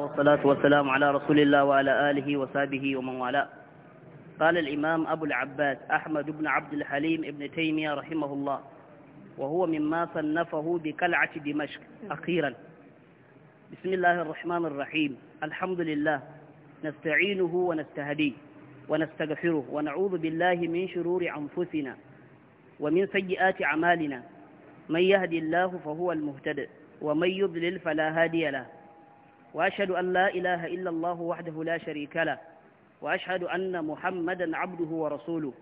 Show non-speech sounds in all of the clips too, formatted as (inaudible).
والصلاة والسلام على رسول الله وعلى آله وصحبه ومن والاه قال الإمام أبو العباس أحمد بن عبد الحليم ابن تيمية رحمه الله وهو مما صنفه بقلعة دمشق أخيرا بسم الله الرحمن الرحيم الحمد لله نستعينه ونستهديه ونستغفره ونعوذ بالله من شرور أنفسنا ومن سيئات أعمالنا من يهدي الله فهو المهتد ومن يضلل فلا هادي له وأشهد أن لا إله إلا الله وحده لا شريك له وأشهد أن محمدا عبده ورسوله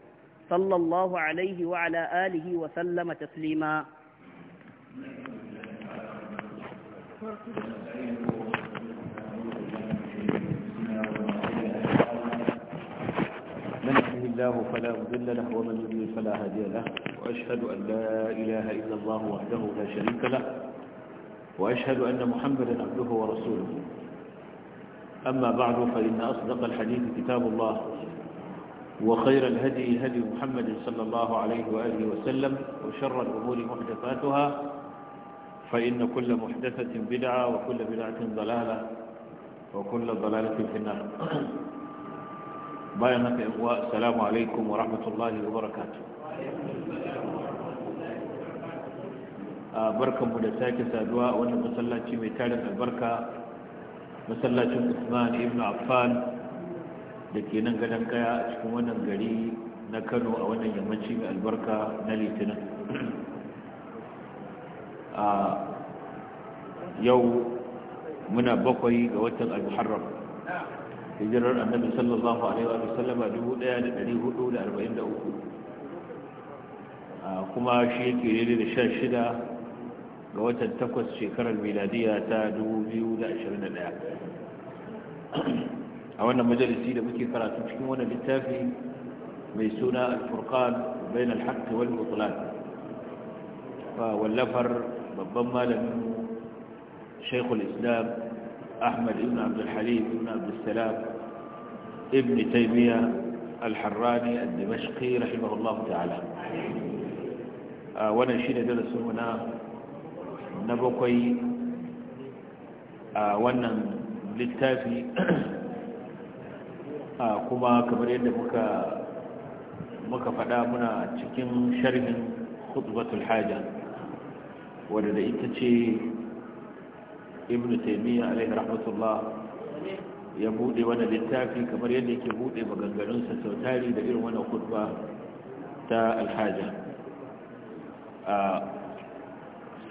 صلى الله عليه وعلى آله وسلم تسليما من يهده الله فلا مضل له ومن يضلل فلا هادي له وأشهد أن لا إله إلا الله وحده لا شريك له وأشهد أن محمدا عبده ورسوله أما بعد فإن أصدق الحديث كتاب الله وخير الهدي هدي محمد صلى الله عليه وآله وسلم وشر الأمور محدثاتها فإن كل محدثة بدعة وكل بدعة ضلالة وكل ضلالة في النار بيانك إخوة السلام عليكم ورحمة الله وبركاته mu da sake saduwa a wannan masallaci mai tarin albarka masallacin usman ibn affan da ke nan gadon kaya a cikin wannan gari na kano a wannan yammaci mai albarka na litinin a yau muna bakwai ga watan al-muharram hijirar annabi sallallahu alaihi wa sallama 1443 kuma shi yake daidai da sha shida ga watan takwas shekarar miladiya ta 2021 a wannan majalisi da muke karatu cikin wannan littafi mai suna al-furqan bayan al-haqq wal mutlaq fa wallafar babban malamin shaykhul islam ahmad ibn abd al-halim ibn abd salam ibn taymiya al-harrani al-dimashqi rahimahullah ta'ala wannan shine darasin mu na na bakwai a wannan littafi (clears throat) a kuma kamar yadda muka muka faɗa muna cikin sharhin khutbatul haja wadda da ita ce ibnu taymiyyah alaihi rahmatullah ya bude wannan littafi kamar yadda yake bude maganganunsa tari da irin wannan khutba ta alhaja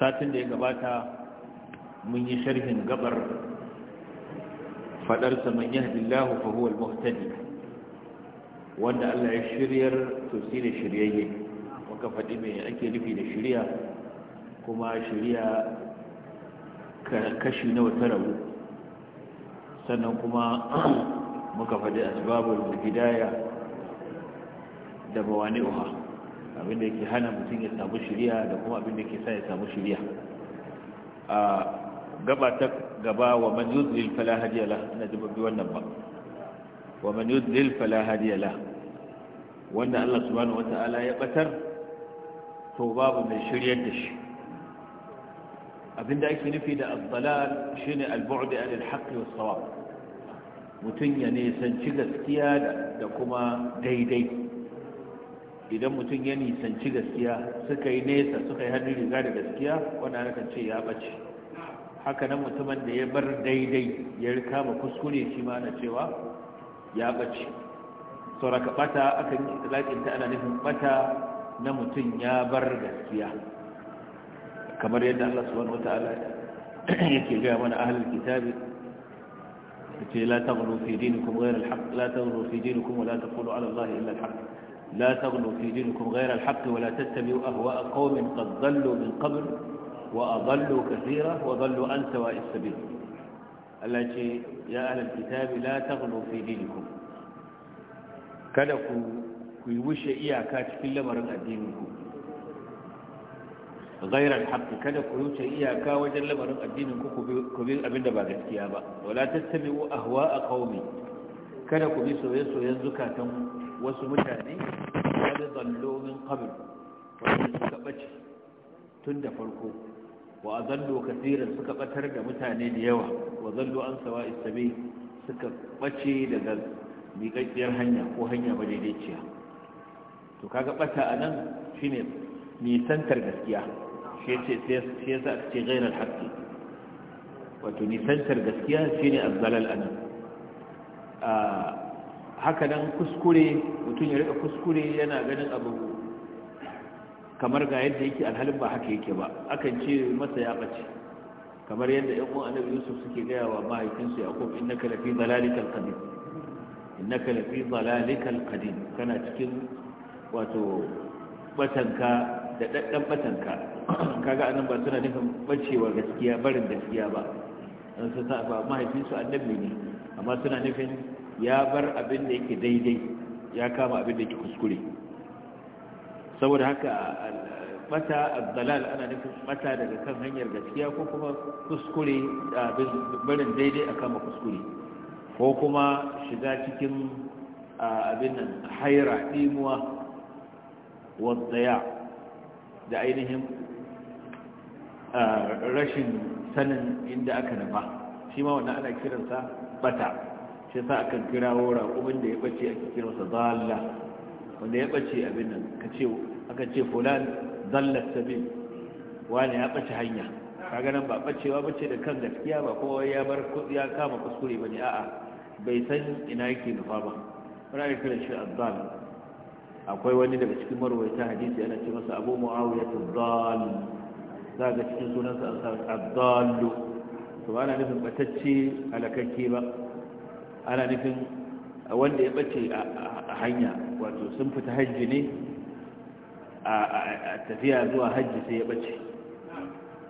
satin da ya gabata mun yi sharhin gabar fadarsa man yahdillahu fa huwa al-muhtadi wanda Allah ya shiryar to shi ne shiryayye muka faɗi me ake nufi da shiriya kuma shiriya kashi nawa ta rabu sannan kuma (clears throat) muka faɗi asbabul hidaya da bawani'uha abin da yake hana mutum ya samu shiriya da kuma abin da ke sa ya samu shiriya a gaba ta gaba wa man yudlil fala hadiya la ina ji babbi wannan ba wa man yudlil fala hadiya la wanda Allah subhanahu wataala ya batar to babu mai shiryar da shi abinda ake nufi da al-dalal shine al-bu'd an al-haqq wa sawab mutun ya nisanci gaskiya da kuma daidai idan mutum ya nisanci gaskiya suka yi nesa suka yi hannun riga da gaskiya na kan ce ya bace haka nan mutumin da ya bar daidai ya rika ma kuskure shi ma na cewa ya bace sauraka bata akan yi talakin ta ana nufin bata na mutum ya bar gaskiya kamar yadda Allah subhanahu wataala yake gaya mana ahlul kitabi yace la taghru fi dinikum ghayra al la taghru fi dinikum wa la taqulu ala Allah illa al لا تغلوا في دينكم غير الحق ولا تتبعوا أهواء قوم قد ضلوا من قبل وأضلوا كثيرا وضلوا عن سواء السبيل التي يا أهل الكتاب لا تغلوا في دينكم kada ku yi wuce iyaka cikin lamarin addininku gairar wajen lamarin addininku ku bi abinda ba gaskiya ba wala tattabi'u ahwa a qaumi kada ku bi soyayyen zukatan wasu mutane kada zallo min qabl wanda suka ɓace tun da farko wa a azallu kaseeran suka ɓatar da mutane da yawa wa zallu an sawa'is sabil suka bace daga miƙaƙƙiyar hanya ko hanya ba daidaiciya to kaga bata anan shine nisantar gaskiya shi ce sai yasa aka ce gairar haske. wato nisantar gaskiya shine azzalal anan ah, haka nan kuskure mutum ya rika kuskure yana ganin abu kamar ga yadda yake alhalin ba haka yake ba akan ce masa ya bace kamar yadda yan uwan annabi yusuf suke gaya wa mahaifinsu yaqub innaka lafi dalalikal qadim innaka lafi dalalikal qadim kana cikin wato batanka da daddan batanka kaga anan ba suna nufin bacewa gaskiya barin gaskiya ba an su sa ba mahaifinsu annabi ne amma suna nufin ya bar abin da yake daidai ya kama abin da yake kuskure saboda haka mata abdalal ana nufin mata daga kan hanyar gaskiya ko kuma kuskure abin barin daidai a kama kuskure ko kuma shiga cikin abin nan haira ɗimuwa wadda da ainihin rashin sanin inda aka nufa shi ma wannan ana kiransa bata shi sa kira wura kuma da ya bace ake kira masa zalla wanda ya bace abin nan aka ce fulan zallar sabi wani ya bace hanya kaga nan ba bacewa bace da kan gaskiya ba kuma ya bar ya kama kuskure bane a'a bai san ina yake nufa ba wani ake kira shi azzal akwai wani daga cikin marwaita hadisi ana ce masa abu muawiya azzal za ga cikin sunansa azzal to na nufin batacce halakakke ba ana nufin wanda ya bace a hanya wato sun fita hajji ne a tafiya zuwa hajji sai ya bace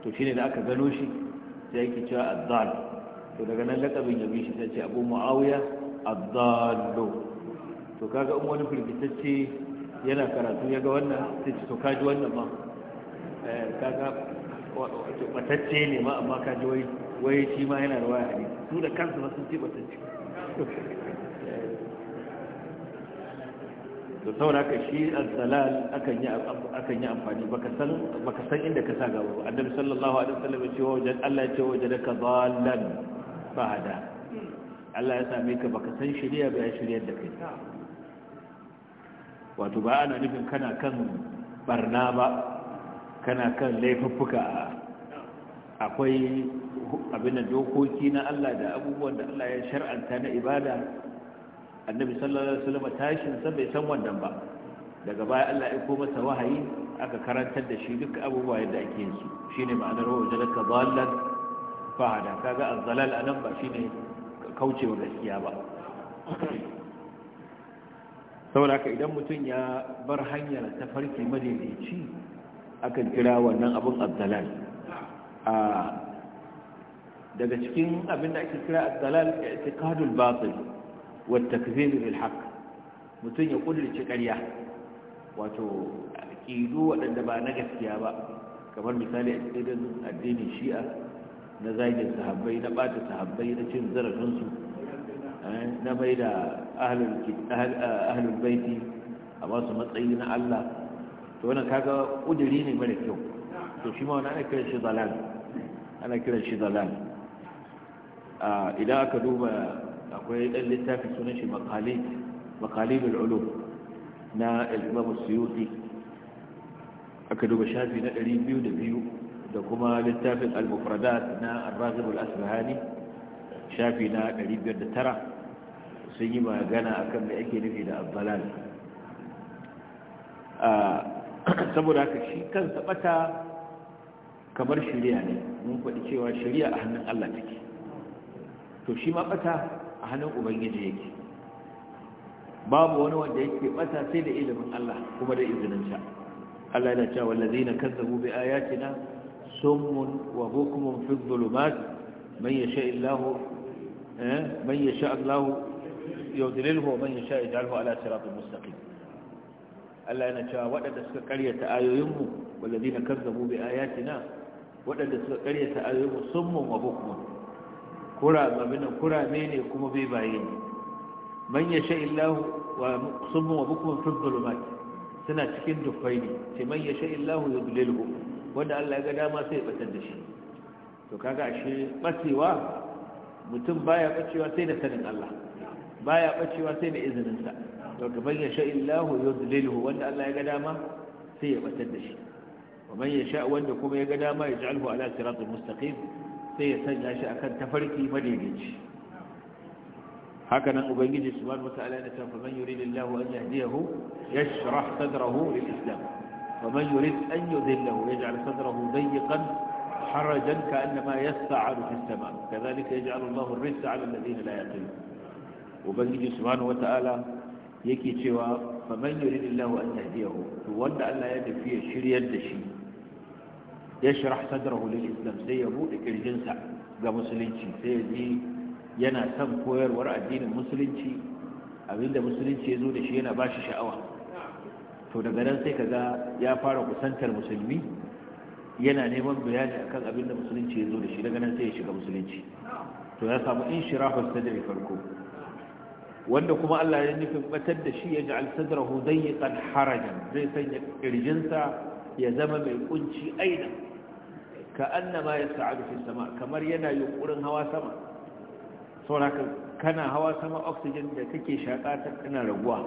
to ne da aka gano shi sai yake cewa azzal to daga nan lakabin yabi shi sai ce abu a azzallo to kaga in wani firgitacce yana karatu ya ga wannan sai ce to kaji wannan ma eh, kaga wato batacce ne ma amma kaji wai wai shi ma yana da waya hadisi su da kansu ma sun ce batacce da ka shi al-salal akan yi amfani baka san inda ka sa gaba ba annabi sallallahu alaihi wasallam ce wajen Allah ce wajen da ka zallan fahada Allah ya same ka baka san shari'a ba ya shari'a da kai wato ba ana nufin kana kan barna ba kana kan laifuffuka akwai abin dokoki na Allah da abubuwan da Allah ya shar'anta na ibada annabi sallallahu alaihi wasallam tashin sa bai san wannan ba daga baya Allah ya koma masa wahayi aka karantar da shi duk abubuwa yadda ake yin su shine ma'anar wa jalaka dhallan fahada kaga az-zalal anan ba shine kaucewa gaskiya ba saboda haka idan mutum ya bar hanyar ta farki madaidaici akan kira wannan abun az-zalal daga cikin abin da ake kira dalal i'tiqadul batil wa takzib bil haqq mutun ya kudirce ƙarya wato aqidu waɗanda ba na gaskiya ba kamar misali a cikin addinin shi'a na zagin sahabbai na bata sahabbai na cin zarafinsu eh, na mai da eh, ahlul baiti a ba su matsayi na Allah to wannan kaga ƙudiri ne mara kyau to shi ma wannan ana kira shi Zalal. ana kiran shi dalal idan aka duba akwai ɗan littafi sunan shi makalibul ulum na al-imam suyuti aka duba shafi na 202 da kuma littafin al-mufradat na ar-razib al-asbahani shafi na 509 sun yi magana akan me ake nufi da abbalal saboda haka shi kansa bata kamar shari'a ne mun faɗi cewa shari'a a hannun Allah take to shi ma bata a hannun ubangiji yake babu wani wanda yake bata sai da ilimin Allah kuma da izininsa Allah yana cewa wallazina kazzabu bi ayatina summun wa bukmun fi dhulumat man yasha illahu eh man yasha Allah yudlilhu wa man yasha yaj'alhu ala siratin mustaqim Allah yana cewa waɗanda suka karyata ayoyinmu wallazina kazzabu bi ayatina waɗanda suka karyata ayoyi musamman wa bukmun kura ne kurame ne kuma bai baye ne man yasha illahu wa musamman wa bukmun fi zulumat suna cikin dufai ne ce man yasha illahu yudlilhu wanda Allah ya ga dama sai ya batar da shi to kaga shi batsewa mutum baya bacewa sai da sanin Allah baya bacewa sai da izininsa to kaman yasha illahu yudlilhu wanda Allah ya ga dama sai ya batar da shi ومن يشاء وان كما يجد ما يجعله على صراط مستقيم سيسجل شيء كان تفرقي مديجي هكذا ابنجي سبحانه وتعالى ان فمن يريد الله ان يهديه يشرح صدره للاسلام ومن يريد ان يذله يجعل صدره ضيقا حرجا كانما يسعد في السماء كذلك يجعل الله الرس على الذين لا يقين ابنجي سبحانه وتعالى يكي فمن يريد الله ان يهديه وان الله يهدي فيه شريان دشيه yashrah sadrahu lil islam sai ya bude kirjinsa ga musulunci sai ji yana son koyarwar addinin musulunci abinda musulunci ya zo da shi yana shi sha'awa to daga nan sai kaga ya fara kusantar musulmi yana neman bayani akan abinda musulunci ya zo da shi daga nan sai ya shiga musulunci to ya samu inshirahus sadri farko wanda kuma Allah ya nufin batar da shi ya ja'al sadrahu yi harajan zai sanya kirjinsa ya zama mai kunci aina. ka annama ya sa'adu fi sama kamar yana yunkurin hawa sama sauraka kana hawa sama oxygen da kake shaka ta kana raguwa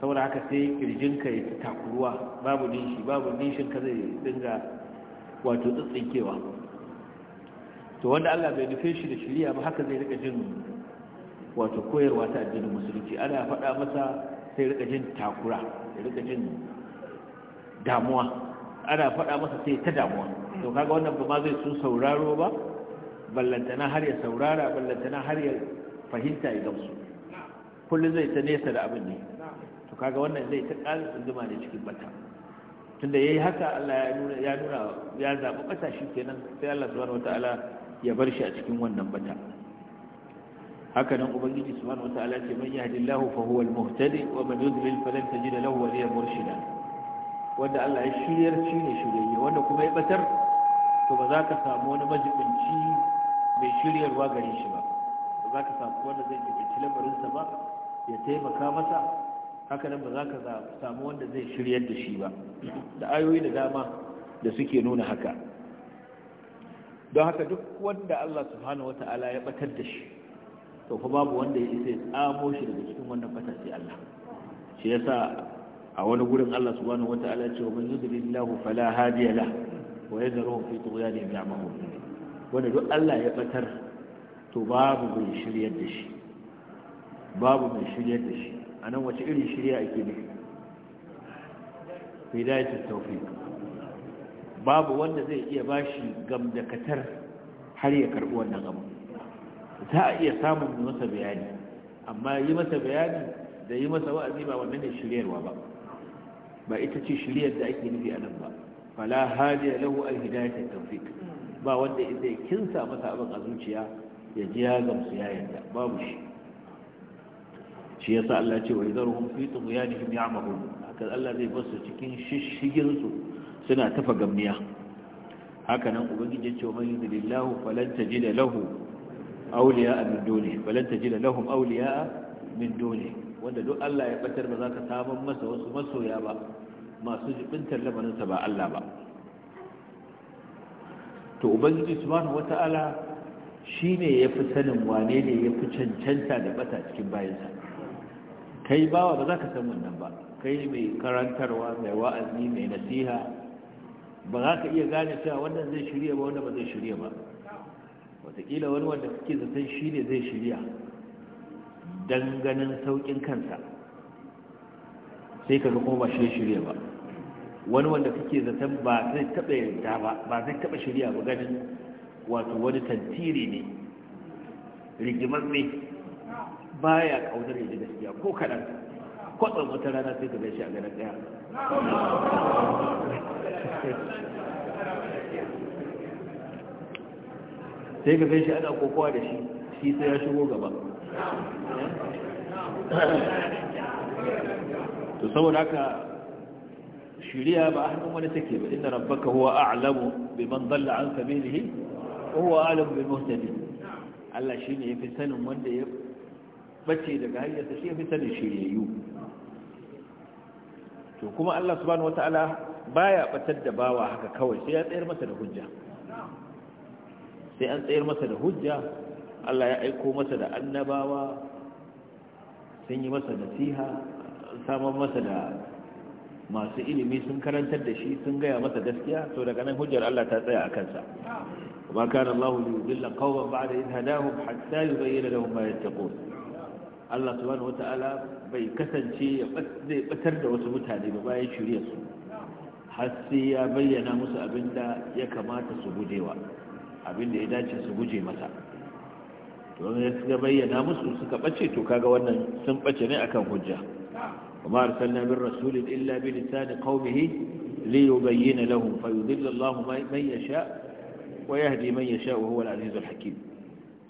sauraka sai kirjinka ya fi takuruwa babu nishi babu nishin ka zai dinga wato tsitsinkewa to wanda Allah bai nufe shi da shiriya ba haka zai rika jin wato koyarwa ta addinin musulunci ana faɗa masa sai rika jin takura ya rika jin damuwa ana faɗa masa sai ta damuwa to kaga wannan ba ma zai so sauraro ba ballantana har ya saurara ballantana har ya fahimta ya gamsu kullum zai ta nesa da abin ne to kaga wannan zai ta ƙara tsunduma ne cikin bata tunda yayi haka Allah ya nuna ya zaɓi bata shi kenan sai Allah subhanahu wataala ya bar shi a cikin wannan bata haka nan ubangiji subhanahu wataala ce man yahdillahu fa huwa al-muhtadi wa man yudlil falan tajida lahu waliya murshida wanda Allah ya shiryar shi ne shiryayye wanda kuma ya batar to ba za ka samu wani majibinci mai shiryarwa gare shi ba ba za ka samu wanda zai jibinci lamarinsa ba ya taimaka masa haka nan ba za ka samu wanda zai shiryar da shi ba da ayoyi da dama da suke nuna haka don haka duk wanda Allah subhanahu Ta'ala ya batar da shi to fa babu wanda ya isa ya tsamo shi daga cikin wannan batar sai Allah shi yasa a wani gurin Allah subhanahu Ta'ala ya ce wa man yudlilillahu fala hadiya lahu wa yadruhum fi tughyanihim ya'mahun wanda duk Allah ya batar to babu mai shiryar da shi babu mai shiryar da shi A nan wace irin shirya ake ne? hidayatul tawfiq babu wanda zai iya bashi gamdakatar har ya karbi wannan abu za a iya samun masa bayani amma yi masa bayani da yi masa wa'azi ba wannan ne shiryarwa ba ba ita ce shiryar da ake nufi a nan ba fala hadiya lahu an hidayat tawfiq ba wanda idan ya kinsa masa abin a zuciya ya ji ya gamsu ya yarda babu shi shi yasa Allah ce wa idaruhum fi tughyanihim ya'mahun haka Allah zai basu cikin shishigin su suna tafa gamniya haka nan ubangiji ya ce wa man yudillahu falan tajida lahu awliya min duni falan tajida lahum awliya min duni wanda duk Allah ya batar ba za ka samu masa wasu masoya ba masu jibintar lamarinsa ba Allah ba to ubangiji subhanahu wata'ala shine ya fi sanin wane ne ya fi cancanta da bata cikin bayansa kai bawa ba za ka san wannan ba kai mai karantarwa mai wa'azi mai nasiha ba za ka iya gane cewa wannan zai shirya ba wanda ba zai shirya ba wataƙila wani wanda kake zaton shi ne zai shirya dan ganin saukin kansa sai ka ga kuma ba shi shirya ba wani wanda kake zaton ba zai taɓa yarda ba ba zai taɓa shirya ba ganin wato wani tantiri ne rigimar ne ya kaunar yaji gaskiya ko kaɗan kwatsar wata rana sai ka gan a ganin ɗaya sai ka ana kokowa da shi shi sai ya shigo gaba to saboda haka shiriya ba a hannun wani take ba inna rabbaka huwa a'lamu biman dalla an sabilihi wa huwa a'lamu bil muhtadin Allah shine yafi sanin wanda ya bace daga hanyar sa shi yafi sanin shiriyayyu to kuma Allah subhanahu wataala baya batar da bawa haka kawai sai ya tsayar masa da hujja sai an tsayar masa da hujja Allah ya aiko masa da annabawa sun yi masa nasiha samar masa da masu ilimi sun karantar da shi sun gaya masa gaskiya to daga nan hujjar Allah ta tsaya a kansa وما كان الله ليضل قوما بعد إذ هداهم حتى يبين لهم ما يتقون الله سبحانه Ta'ala bai kasance ya zai batar da wasu mutane ba bayan shirya su har sai ya bayyana musu abin ya kamata su gujewa abin ya dace su guje masa to ya bayyana musu suka bace to kaga wannan sun bace ne akan hujja وما أرسلنا من رسول إلا بلسان قومه ليبين لهم فيضل الله من يشاء ويهدي من يشاء وهو العزيز الحكيم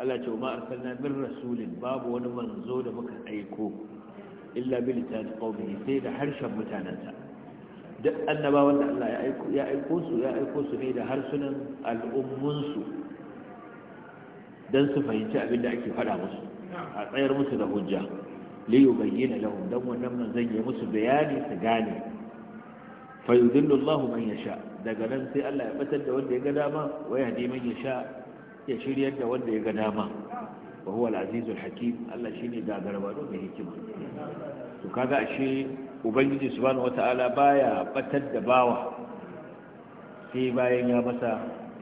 ألا وما أرسلنا من رسول باب ونمنزول مكأيكو إلا بلسان قومه سيد حرشا متانسا duk annabawan da Allah ya aiko su ya aiko su ne da harsunan al'ummunsu don su fahimci abin da ake faɗa musu a tsayar musu da hujja li bayyana lahum dan wannan zan ya musu bayani su gane fa yudillu Allahu man yasha daga nan sai Allah ya batar da wanda ya ga dama wa yahdi man yasha ya shiryar da wanda ya ga dama wa huwa al azizul hakim Allah shine gagarwado mai hikima to kaga ashe ubangiji subhanahu wataala baya batar da bawa sai bayan ya masa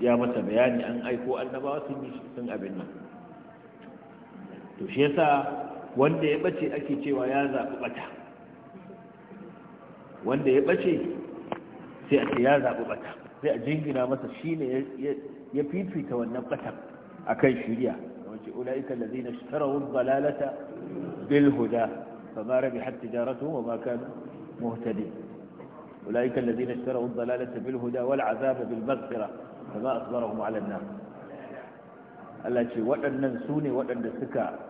ya masa bayani an aiko annabawa sun yi sun abin nan to shi yasa wanda ya bace ake cewa ya zaɓi bata wanda ya bace sai a ce ya zaɓi bata sai a jingina masa shine ya fifita wannan batan akan shari'a wace ulaika allazina ishtaraw ad-dalalata bil huda fama rabihat tijaratuhum wa ma kanu muhtadin ulaika allazina ishtaraw ad-dalalata bil huda wal 'azaba bil maghfira fama asbarahum 'ala an-nar Allah ce waɗannan su ne waɗanda suka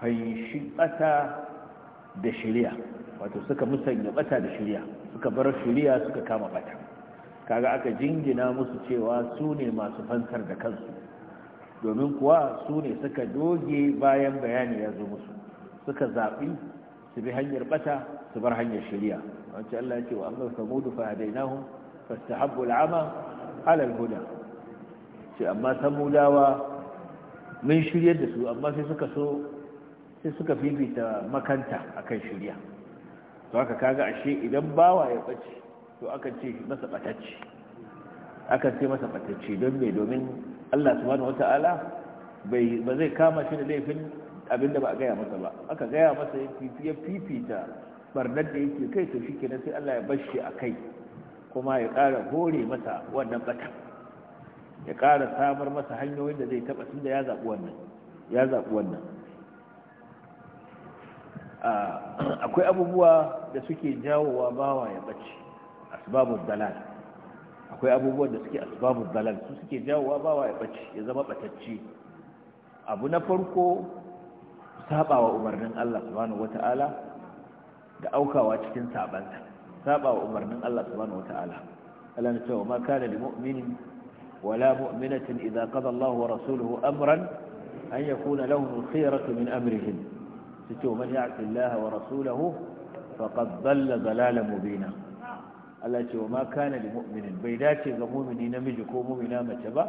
fanshi bata da shirya wato suka musanya bata da shirya suka bar shirya suka kama bata kaga aka jingina musu cewa su ne masu fansar da kansu domin kuwa su ne suka doge bayan bayani ya zo musu suka zaɓi su bi hanyar bata su bar hanyar shirya wancan Allah ce wa amma samudu fa fasta habu al'ama alal huda ce amma dawa mun shiryar da su amma sai suka so sai suka fifita makanta akan shirya to haka kaga ashe idan bawa ya bace to akan ce masa batacce akan ce masa batacce don me domin Allah subhanahu wataala bai ba zai kama shi da laifin abinda ba a gaya masa ba aka gaya masa ya fifita barnar da yake kai to shikenan sai Allah ya bar shi a kai kuma ya ƙara hore masa wannan batan ya ƙara samar masa hanyoyin da zai taɓa tun da ya zaɓi wannan ya zaɓi wannan (clears throat) akwai abubuwa da suke jawowa bawa ya bace asbabul dalal akwai abubuwa da suke asbabul dalal su suke jawowa bawa ya bace ya zama batacce abu na farko sabawa umarnin Allah subhanahu wataala da aukawa cikin sabanta sabawa umarnin Allah subhanahu wataala Allah ya ce wa ma kana lil mu'minin wala mu'minatin idza qada Allahu wa rasuluhu amran an yakuna lahum al-khiyaratu min amrihim ce man ya'ti Allah wa rasulahu faqad dhalla mu mubina Allah ce wa ma kana lil mu'minin bai dace ga mu'mini namiji ko mu'mina mace ba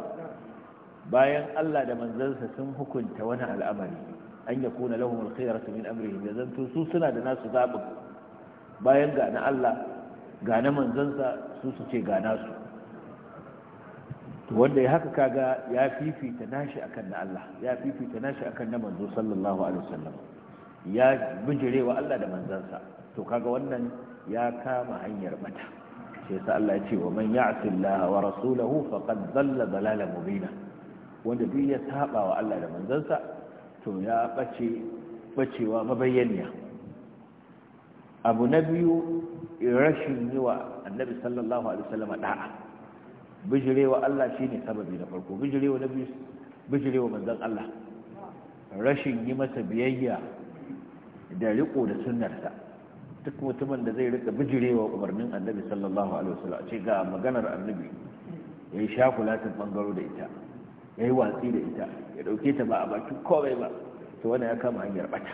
bayan Allah da manzansa sun hukunta wani al'amari an yakuna lahum al-khiyaratu min amrihim yazantu su suna da nasu zabin bayan Allah manzansa su su ce to wanda ya haka kaga ya fifita nashi akan na Allah ya fifita nashi akan na manzo sallallahu alaihi wasallam ya bijire wa Allah da manzansa to kaga wannan ya kama hanyar mata sai sa Allah ya ce wa man ya'ti Allah wa rasulahu faqad dhalla dalalan mubina wanda duk ya saba wa Allah da manzansa to ya bace bacewa mabayyaniya abu na biyu rashin yi wa annabi sallallahu alaihi wasallam da'a bijirewa Allah shine sababi na farko bijirewa nabi bijirewa manzon Allah rashin yi masa biyayya da riko da sunnarsa duk mutumin da zai rika bijirewa umarnin annabi sallallahu alaihi wasallam ce ga maganar annabi yayi shakulatin bangaro da ita yayi watsi da ita ya dauke ta ba a bakin kowai ba to wannan ya kama hanyar bata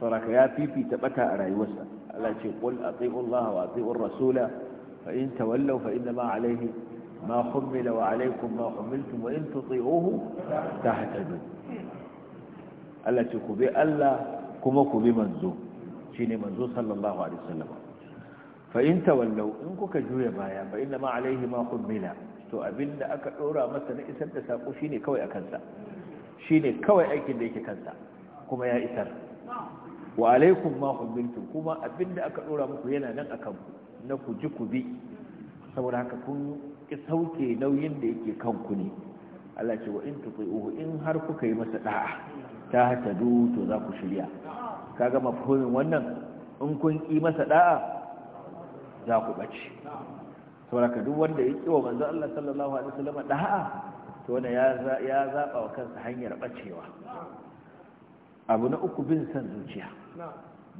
sauraka ya fifita bata a rayuwarsa Allah ce qul atiiu Allah wa atiiu rasula fa in tawallaw fa inna ma alaihi ma hummila wa alaikum ma humiltum wa in tuti'uhu tahtadun Allah ce ku bi Allah kuma ku bi manzo Shi ne manzo sallallahu alaihi wasallam fa in tawallu in kuka juya baya fa inna ma alaihi ma hummila to abinda aka ɗora masa na isar da saƙo shi ne kawai a kansa Shi ne kawai aikin da yake kansa kuma ya isar wa alaikum ma hummiltum kuma abinda aka ɗora muku yana nan a kanku. na ku ji ku bi saboda haka kun ki sauke nauyin da yake kanku ne Allah ce wa in tuti'uhu in har kuka yi masa da'a ta hatadu to za ku shirya Ka gama mafhumin wannan in kun ƙi masa da'a za ku bace saboda duk wanda ya kiwa manzo Allah sallallahu alaihi wasallam da'a to wannan ya zaɓa wa kansa hanyar ɓacewa. abu na uku bin san zuciya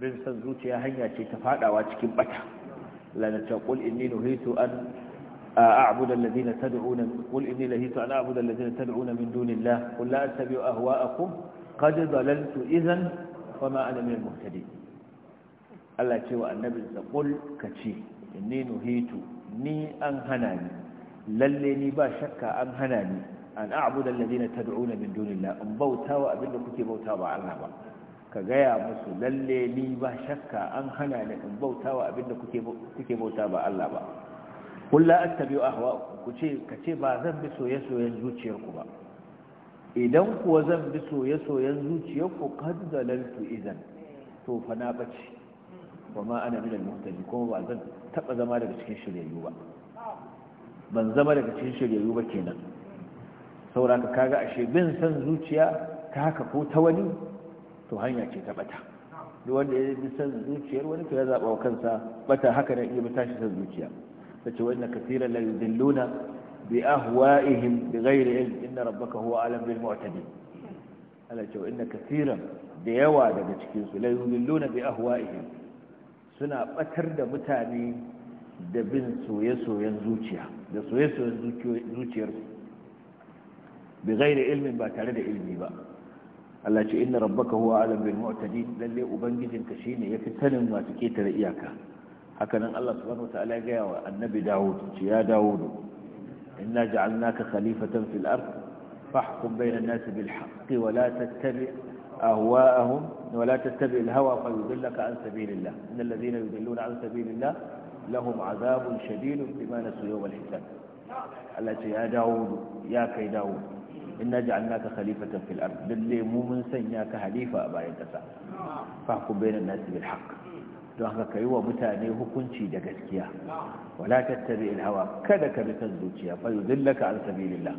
bin san zuciya hanya ce ta faɗawa cikin ɓata. la taqul inni nuhitu an أعبد الذين تدعون قل إني لهيت أن أعبد الذين تدعون من دون الله قل لا أتبع أهواءكم qad dalaltu idan fa ma ana min Allah ce wa annabi sa qul kace inni nuhitu ni an hana ni lalle ni ba shakka an hana ni an a'budu alladhina tad'una min dunillah in bauta wa abinda kuke bauta ba Allah ba ka gaya musu lalle ni ba shakka an hana ni in bauta wa abinda kuke bauta ba Allah ba kullu attabi'u ahwa'ukum ku ce kace ba zan bi soyayyen zuciyarku ba idan kuwa zan bi soye-soyen zuciyarku kadda lantu izan to fa na bace ba ma ana minal mutane, kuma ba zan taba zama daga cikin shiryayyu ba ban zama daga cikin shiryayyu ba kenan saboda ka kaga ashe bin san zuciya ta haka ko ta wani to hanya ce ta bata duk wanda ya bi san zuciyar wani to ya zaba wa kansa bata haka ne iya bi tashi san zuciya sace wannan kafiran la yudilluna بأهوائهم بغير علم إن ربك هو أعلم بالمعتدين ألا شو إن كثيرا ديوا دكتكيس لا يذلون بأهوائهم سنة أترد متاني دبن سويسو ينزوتيا دسويسو ينزوتيا بغير علم باترد علمي بقى Allah ce inna rabbaka huwa alam bil mu'tadin lalle ubangijinka shine yafi sanin masu ketare iyaka hakanan Allah subhanahu wataala ya gaya wa annabi Dawud ce ya إنا جعلناك خليفة في الأرض فاحكم بين الناس بالحق ولا تتبع أهواءهم ولا تتبع الهوى فيضلك عن سبيل الله إن الذين يضلون عن سبيل الله لهم عذاب شديد بما نسوا يوم الحساب التي يا داود يا كي داود إنا جعلناك خليفة في الأرض للي مو من سيناك خليفة أبا يدسا فاحكم بين الناس بالحق don haka ka yi wa mutane hukunci da gaskiya wala tattabi hawa kada ka bi kan zuciya fa yudillaka an sabilillah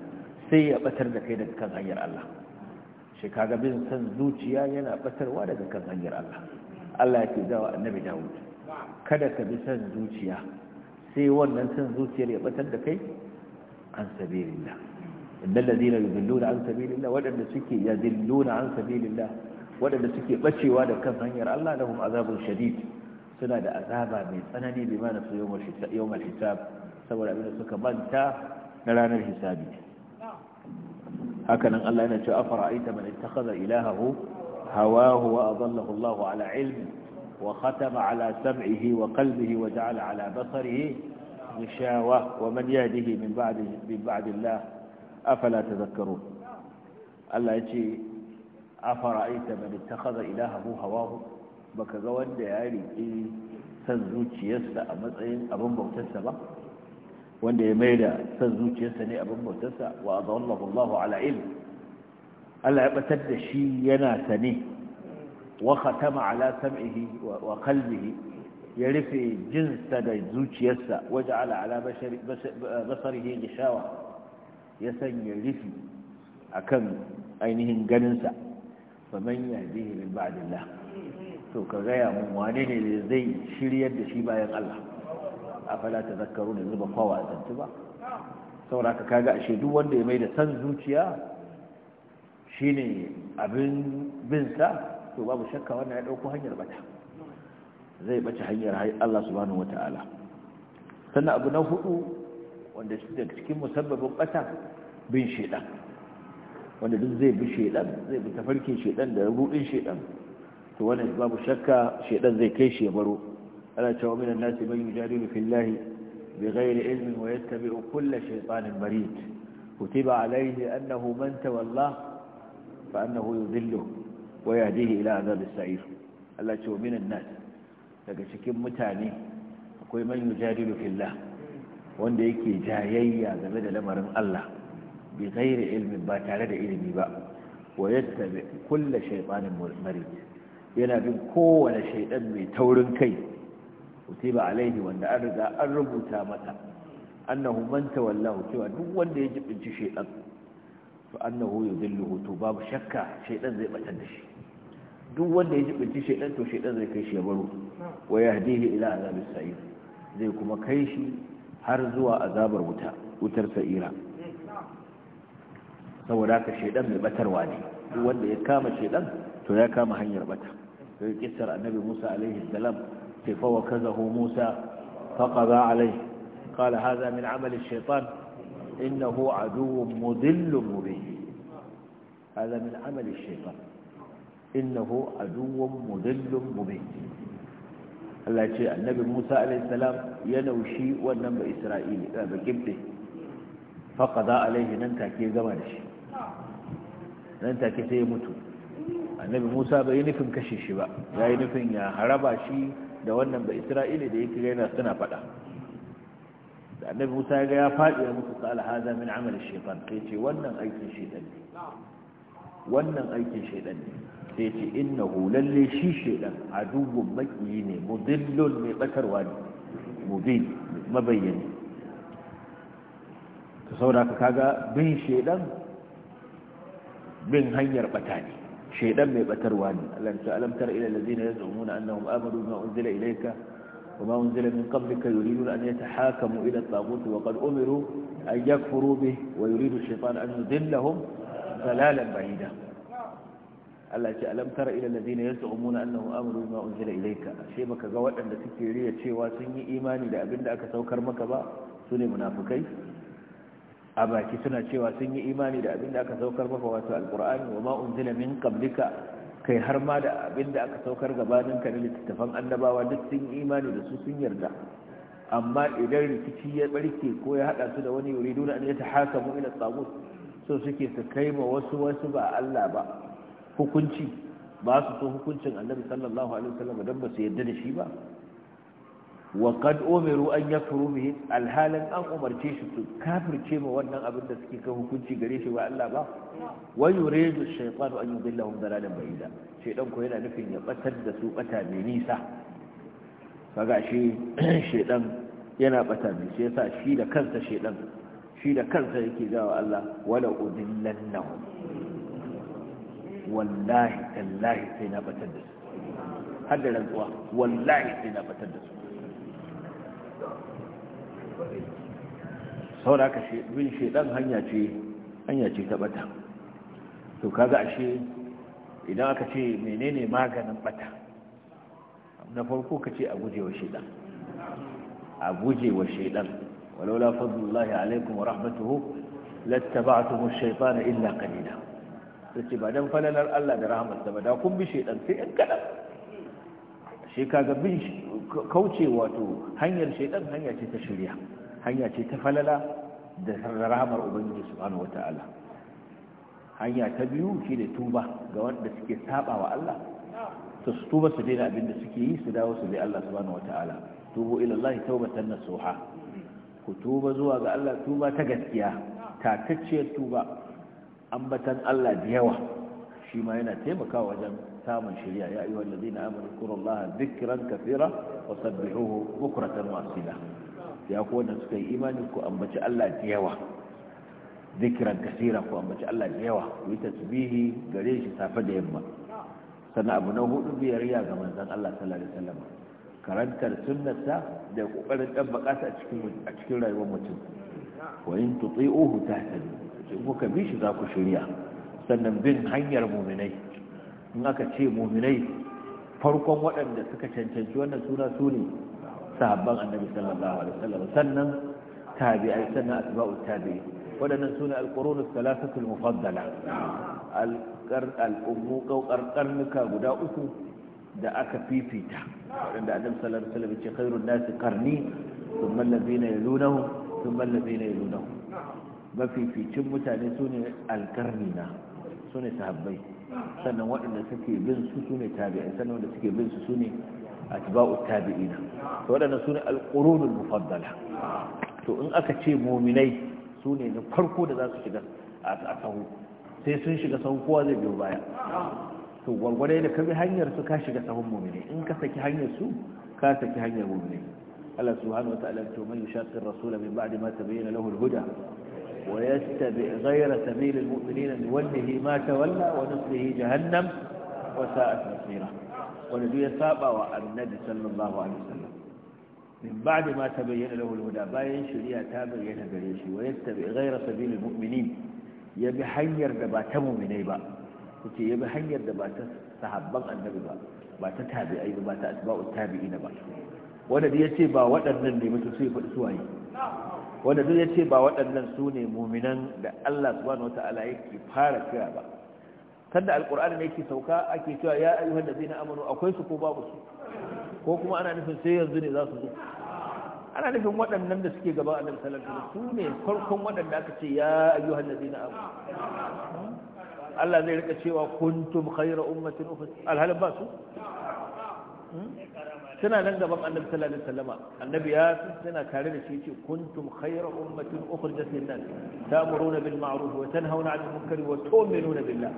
sai ya batar da kai daga kan hanyar Allah shi kaga bin san zuciya yana batarwa daga kan hanyar Allah Allah ya ce zawa annabi Dawud kada ka bi san zuciya sai wannan san zuciyar ya batar da kai an sabilillah innal ladina yudilluna an sabilillah wadanda suke yadilluna an sabilillah wadanda suke bacewa da kan hanyar Allah lahum azabun shadid suna da azaba mai tsanani bi ma yau mai hisab saboda abin da suka manta na ranar hisabi hakanan Allah yana cewa afara aita man ittakhadha ilahahu hawahu wa adallahu Allah ala ilmi wa khatama ala sam'ihi wa qalbihi wa ja'ala ala basarihi gishawa wa man yadihi min ba'di min ba'di Allah afala tadhakkarun Allah yace afara aita man ittakhadha ilahahu hawahu baka ga wanda ya riƙe son zuciyarsa a matsayin abin bautarsa ba wanda ya maida son zuciyarsa ne abin bautarsa wa adallahu Allahu ala ilm Allah ya batar da shi yana sane wa khatama ala sam'ihi wa qalbihi ya rufe jinsa da zuciyarsa waje ala ala basarihi gishawa ya sanya rufi a kan ainihin ganinsa faman yahdihi min ba'dillah to ka gaya mun wane ne zai shiryar da shi bayan Allah a fala ta zakaru da zuba kowa a zantu ba saboda ka kaga ashe duk wanda ya mai da san zuciya shine abin binsa to babu shakka wannan ya ɗauko hanyar bata zai bace hanyar Allah subhanahu ta'ala. sannan abu na hudu wanda shi daga cikin musabbabin bata bin shedan wanda duk zai bi shaiɗan, zai bi tafarkin shaiɗan da rubudin shaiɗan. to wannan babu shakka shedan zai kai shi ya baro ana cewa minan nasi man yujadilu fillahi bighairi ilmin wa yattabi'u kulla shaytanin marid kutiba alayhi annahu man tawalla fa annahu yudhillu wa yahdihi ila azab as-sa'ir Allah cewa minan nas daga cikin mutane akwai man yujadilu fillah wanda yake jayayya game da lamarin Allah bighairi ilmin ba tare da ilimi ba wa yattabi kulla shaytanin marid yana bin kowane shaidan mai taurin kai ba alaihi wanda an riga an rubuta mata annahu man tawallahu cewa duk wanda ya jibinci shaidan to annahu yudilluhu to babu shakka shaidan zai batar da shi duk wanda ya jibinci shaidan to shaidan zai kai shi ya baro wa yahdihi ila azabis sa'ir zai kuma kai shi har zuwa azabar wuta wutar sa'ira saboda haka shaidan mai batarwa ne duk wanda ya kama shaidan to ya kama hanyar bata sai kissar annabi Musa alaihi salam sai fa wakazahu Musa faqada alaihi qala hadha min amali ash-shaytan innahu aduwwun هذا من عمل الشيطان إنه عدو مذل مبين الله النبي موسى عليه السلام ينوشي ونم إسرائيل بكبته فقضى عليه ننتاكي زمانش ننتاكي سيموت annabi musa bai yi nufin kashe shi ba ya yi nufin ya haraba shi da wannan ba isra'ila da yake gaina suna faɗa da annabi musa ya ga ya faɗi ya mutu sa alhaza min amal shaitan sai ce wannan aikin shaitan ne wannan aikin shaitan ne sai ce hu lalle shi shaitan aduwwun makiyi ne mudillun mai batarwa ne mubin mabayyani ta saboda kaga bin shaitan bin hanyar bata ne shaidan mai batarwa ne alamta alamtar ila lazina ya zaune na annahun ga waɗanda suke riya cewa sun yi imani da abin aka saukar maka ba su munafukai a baki suna cewa sun yi imani da abinda aka saukar maka wato alkur'ani wa ma unzila min kai har ma da abinda aka saukar gabanin ka littattafan annabawa duk sun yi imani da su sun yarda amma idan rikici ya barke ko ya hada su da wani yuridu an yatahakamu ila tagut so suke su kai ma wasu wasu ba Allah ba hukunci ba su so hukuncin annabi sallallahu alaihi wasallam dan ba su yarda da shi ba wa kad umiru an yakfuru bihi alhalan an umarce shi su kafirce ma wannan abin da suke kan hukunci gare shi ba Allah ba wa yuridu shaytanu an yudillahum dalalan ba'ida shaydan ko yana nufin ya batar da su bata mai nisa kaga shi (clears throat) shaydan yana bata mai shi yasa shi da kansa shaydan shi da kansa yake gawa Allah wala udillannahum wallahi sai na da su har da rantsuwa wallahi sai na da su saboda haka bin shaidan hanya ce hanya ce ta bata to kaga ashe idan aka ce menene maganin bata na farko ka ce a gujewa shaidan a gujewa shaidan walaula fadlullahi alaikum wa rahmatuhu lattaba'tum ash-shaytana illa qalila sai ba dan falalar Allah da rahmatsa ba da kun bi shaidan sai in kadan shi kaga bin kauce wato hanyar shaidan hanya ce ta shirya hanya ce ta falala da rahamar ubangiji subhanahu wataala hanya ta biyu da tuba ga wanda suke saba wa Allah to su tuba su daina abin da suke yi su dawo su bi Allah subhanahu wataala tubu ila Allah tawbatan nasuha ku tuba zuwa ga Allah tuba ta gaskiya tatacciyar tuba ambatan Allah da yawa shi ma yana taimakawa wajen samun shirya ya ayyuhal ladina amanu kurullaha dhikran kathira wa sabbihuhu bukratan wa ya ku wanda suka yi imani ku ambaci Allah da yawa dhikran kathira ku ambaci Allah da yawa ku yi tasbihi gare shi safe da yamma sannan abu na hudu biyar ya ga manzon Allah sallallahu alaihi wasallam karantar sunnata da kokarin dabbaka ta a cikin a cikin rayuwar mutum wa in tuti'uhu tahtadu in kuka bi shi za ku shirya sannan bin hanyar muminai in aka ce muminai farkon waɗanda suka cancanci wannan suna su ne sahabban annabi sallallahu alaihi wasallam sannan tabi'ai sannan asba'u tabi'i waɗannan suna alqurunus salasatul mufaddala alqar al'ummu qarqarnuka guda uku da aka fifita waɗanda annabi sallallahu alaihi wasallam ya ce khairun nasi qarni thumma allazina yalunahum thumma allazina yalunahum mafificin mutane sune alqarnina sune sahabbai sannan waɗanda suke bin su su ne tabi'ai sannan waɗanda suke bin su su ne atba'u tabi'ina to waɗanda su ne alqurunul mufaddala to in aka ce mu'minai su ne na farko da za su shiga a sahu sai sun shiga sahu kowa zai biyo baya to gwargwadai da ka bi hanyar su ka shiga sahun mominai, in ka saki hanyar su ka saki hanyar mominai. Allah subhanahu wa ta'ala to man yushaqqir rasula min ba'di ma tabayyana lahu al-huda ويتبع غير سبيل المؤمنين نوله ما تولى ونصله جهنم وساءت مصيره ونبي سابع النبي صلى الله عليه وسلم من بعد ما تبين له الهدى باين شريعة تابعين قريشي ويتبع غير سبيل المؤمنين يبي حير دبات مؤمني با كتي يبي حير دبات صحابان النبي با با تتابعي با تأتباع التابعين با ونبي يتبع ودرنا اللي متسيف السوائي wanda zai ce ba waɗannan su ne muminan da Allah subhanahu wata'ala yake fara kira ba kan da alƙur'ani ne yake sauka ake cewa ya ayyuhan da zai na amanu akwai su ko babu su ko kuma ana nufin sai yanzu ne za su zo ana nufin waɗannan da suke gaba annabi sallallahu alaihi wasallam su ne farkon waɗanda aka ce ya ayyuhan da zai na amanu Allah zai rika cewa kuntum khayra ummatin ukhrijat alhalin ba su hmm? suna nan gaban annabi sallallahu alaihi wasallama annabi ya suna tare da shi ce kuntum khayra ummatin ukhrijat lin nas ta'muruna bil ma'ruf wa tanhauna 'anil munkar wa tu'minuna billah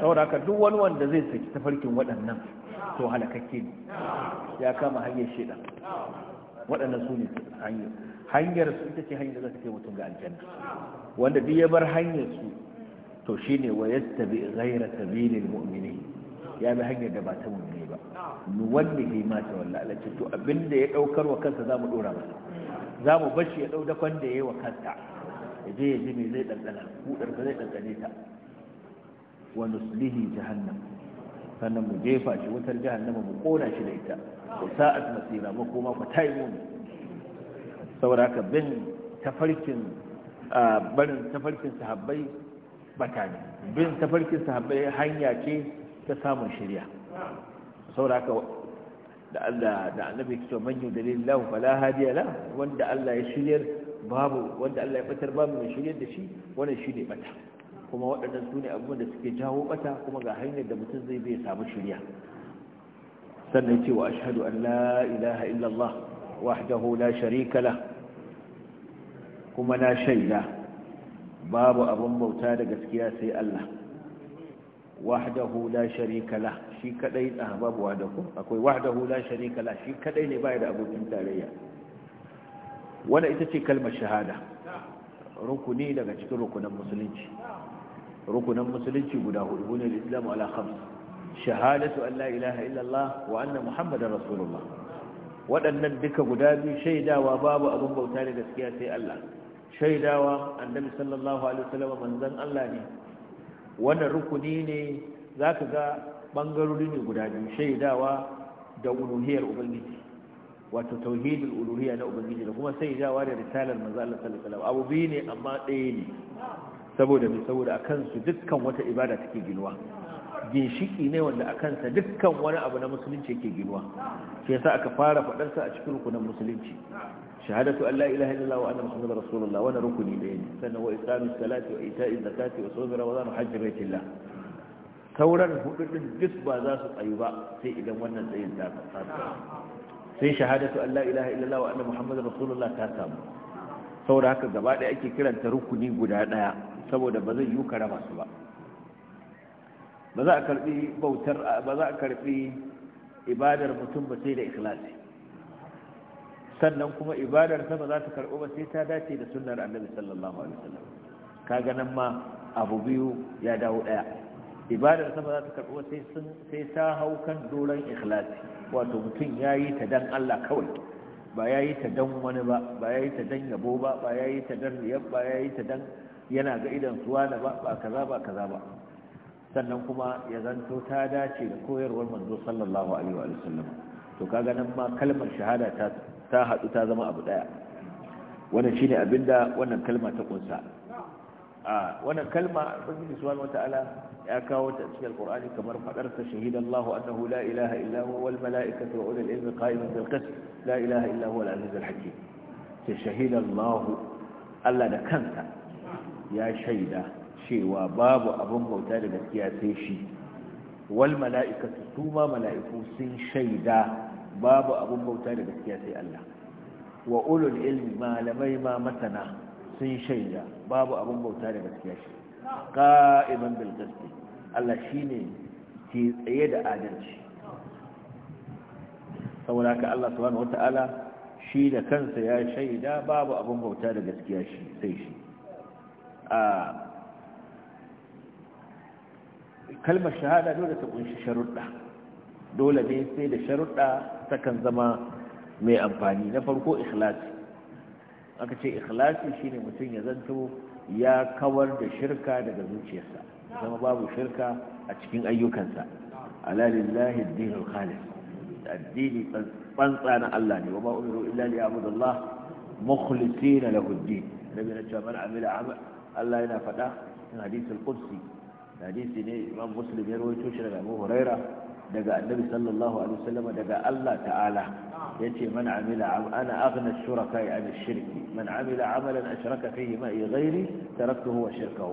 saboda haka duk wani wanda zai saki tafarkin waɗannan to halakakke ne ya kama hanyar shida waɗannan su ne hanyar hanyar su ita ce hanyar da za ta kai mutum ga aljanna wanda duk ya bar hanyar su to shine wa yattabi ghayra sabilil mu'minin ya bi hanyar da ba ta mummune ba nuwallihi ma ta walla Allah ce to abinda ya daukar wa kansa zamu dora masa zamu bashi ya dau da da yayi wa kansa yaje yaje me zai dandana kudar ka zai dandane ta wa nuslihi jahannam sannan mu jefa shi wutar jahannama mu kona shi da ita ko sa'at masira mu kuma ku tayi mu saboda ka bin tafarkin barin tafarkin sahabbai bata ne bin tafarkin sahabbai hanya ce ta samun shirya sauraka da Allah da annabi ke cewa man lahu fala hadiya la wanda Allah ya shiryar babu wanda Allah ya batar babu mai shiryar da shi wannan shine bata kuma waɗannan sune abubuwan da suke jawo bata kuma ga hanyar da mutum zai bai samu shirya sannan cewa ashhadu an la ilaha illallah wahdahu la sharika la kuma na shaida babu abun bauta da gaskiya sai Allah wahdahu la sharika la shi kadai da babu wahdahu akwai wahdahu la sharika la shi kadai ne bai da abokin tarayya wannan ita ce kalmar shahada rukuni daga cikin rukunan musulunci rukunan musulunci guda hudu bunul islam ala khams shahadatu an la ilaha illallah wa anna muhammadar rasulullah Wadannan duka guda biyu shaidawa babu abin bauta da gaskiya sai Allah shaidawa annabi sallallahu alaihi wasallam manzon Allah ne wannan rukuni ne za ka ga ɓangarori ne guda biyu shaidawa da uluhiyar ubangiji wato tauhidul uluhiyya na ubangiji da kuma shaidawa da risalar manzo Allah sallallahu alaihi abu biyu ne amma ɗaya ne saboda mai saboda akan su dukkan wata ibada take ginuwa ginshiki ne wanda a kansa dukkan wani abu na musulunci ke ginuwa shi yasa aka fara faɗarsa a cikin rukunin musulunci shahadatu an la ilaha illallah wa anna muhammadar rasulullah wani rukuni da ne sannan wa iqamus salati wa ita'iz zakati wa sawmi ramadan wa hajji baitillah sauran hudu din duk ba za su tsayu ba sai idan wannan tsayin ta sai shahadatu an la ilaha illallah wa anna muhammadar rasulullah ta samu saboda haka gaba ɗaya ake kiranta rukuni guda ɗaya saboda ba zai yi kara masu ba ba za a karɓi bautar ba za a karɓi ibadar mutum ba sai da ikhlasi sannan kuma ibadar ta ba za ta karɓo ba sai ta dace da sunnar annabi sallallahu alaihi wasallam Ka ganin ma abu biyu ya dawo ɗaya. ibadar ta ba za ta karɓo sai sun sai ta hau kan doron ikhlasi wato mutum yayi ta dan Allah kawai ba yayi ta dan wani ba ba yayi ta dan yabo ba ba yayi ta dan riyab ba yayi ta dan yana ga idan suwa na ba ba kaza ba kaza ba sannan kuma ya zanto ta dace da koyarwar manzo sallallahu alaihi wa sallam to kaga nan ma kalmar shahada ta ta haɗu ta zama abu ɗaya wannan shine abinda wannan kalma ta kunsa a wannan kalma ubangiji subhanahu wataala ya kawo ta cikin Alƙur'ani kamar fadar ta shahida Allahu annahu la ilaha illa huwa wal malaikatu wa ulul ilmi qa'iman bil qist la ilaha illa huwa al aziz al hakim ta shahida Allahu Allah da kansa ya shaida cewa babu abin bauta da gaskiya sai shi wal su ma mala'iku sun shaida babu abun bauta da gaskiya sai Allah wa ulul ilmi malamai ma masana sun shaida babu abun bauta da gaskiya shi qa'iman bil qisti Allah shine ke tsaye da adalci saboda ka Allah subhanahu wataala shi da kansa ya shaida babu abun bauta da gaskiya shi sai shi a kalmar shahada dole ta kunshi sharuɗa dole ne sai da sharuɗa takan zama mai amfani na farko ikhlasi aka ce ikhlasi shine mutum ya zanto ya kawar da shirka daga zuciyarsa zama babu shirka a cikin ayyukansa ala dinul khalis addini tsantsa na Allah ne wa ma umiru illa liya'budu Allah mukhlisina lahu ad-din nabi na ce man amila amal Allah yana faɗa in hadisul qudsi hadisi ne imam muslim ya rawaito shi daga Abu daga annabi sallallahu alaihi wasallam daga Allah ta'ala yace man amila ana aghna shuraka an shirki man amila amalan ashraka fihi ma ghairi taraktuhu wa shirkahu